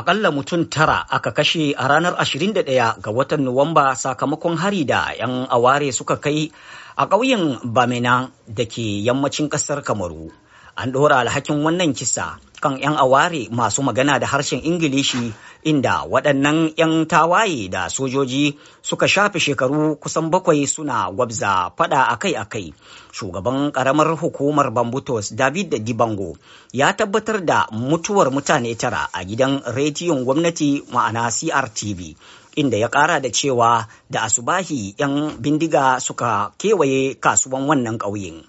akalla mutum tara aka kashe a ranar 21 ga watan Nuwamba sakamakon hari da 'yan aware suka kai a ƙauyen Bamina da ke yammacin ƙasar Kamaru. an ɗora alhakin wannan kisa kan 'yan aware masu magana da harshen ingilishi inda waɗannan 'yan tawaye da sojoji suka shafe shekaru kusan bakwai suna gwabza fada akai-akai shugaban ƙaramar hukumar bambutos david da dibango ya tabbatar da mutuwar mutane tara a gidan rediyon gwamnati ma'ana crtv inda ya ƙara da cewa da asubahi 'yan bindiga suka kewaye kasuwan wannan ƙauyen.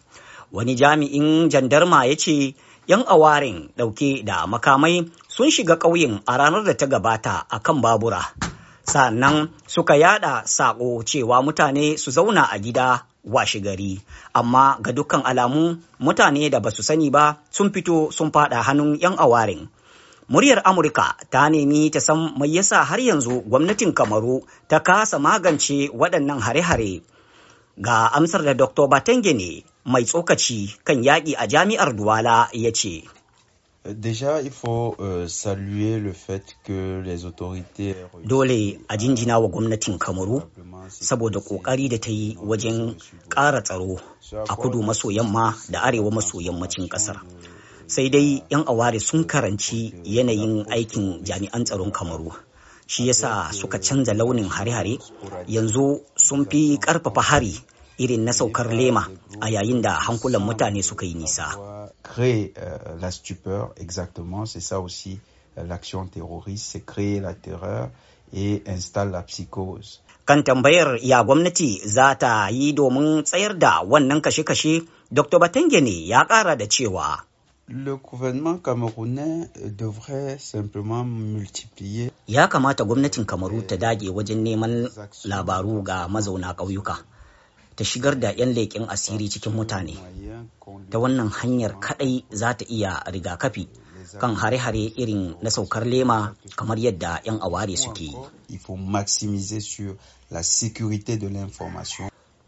wani jami'in jandarma ya ce 'yan awarin ɗauke da makamai sun shiga ƙauyen a ranar da ta gabata a kan babura sannan suka yada saƙo cewa mutane su zauna a gida washe gari amma ga dukkan alamu mutane da basu sani ba sun fito sun fada hannun 'yan awarin muryar amurka ta nemi ta san mai yasa har yanzu gwamnatin kamaru ta kasa magance waɗannan hare-hare ga amsar da dr batenge ne mai tsokaci kan yaƙi a jami'ar Duwala ya ce. Déjà, il faut euh, le fait que les autorités... Dole a jinjina wa gwamnatin Kamaru saboda ƙoƙari da ta yi wajen ƙara tsaro a kudu maso yamma da arewa maso yammacin ƙasar. Sai dai 'yan aware sun karanci yanayin aikin jami'an tsaron Kamaru. Shi yasa suka canza launin hare-hare yanzu sun fi ƙarfafa hari irin na saukar lema a yayin da hankulan mutane suka yi nisa. Euh, euh, kan tambayar ya gwamnati za ta yi domin tsayar da wannan kashe-kashe, Dr. ne ya ƙara da cewa. Le gouvernement camerounais euh, devrait simplement multiplier. Ya kamata gwamnatin Kamaru ta dage wajen neman labaru ga mazauna ƙauyuka. ta shigar da 'yan leƙen asiri cikin mutane ta wannan hanyar kaɗai za ta iya rigakafi kan hare-hare irin na saukar lema kamar yadda 'yan aware suke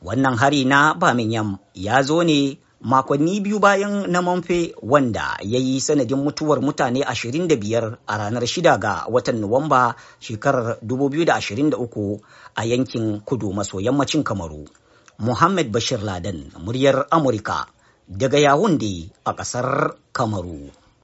wannan hari na Birmingham ya zo ne makonni biyu bayan na Manfe wanda ya yi sanadin mutuwar mutane 25 a ranar 6 ga watan Nuwamba shekarar 2023 a yankin kudu maso yammacin Kamaru. Muhammad Bashir Laden, muryar Amurka, daga Yawunde a ƙasar Kamaru.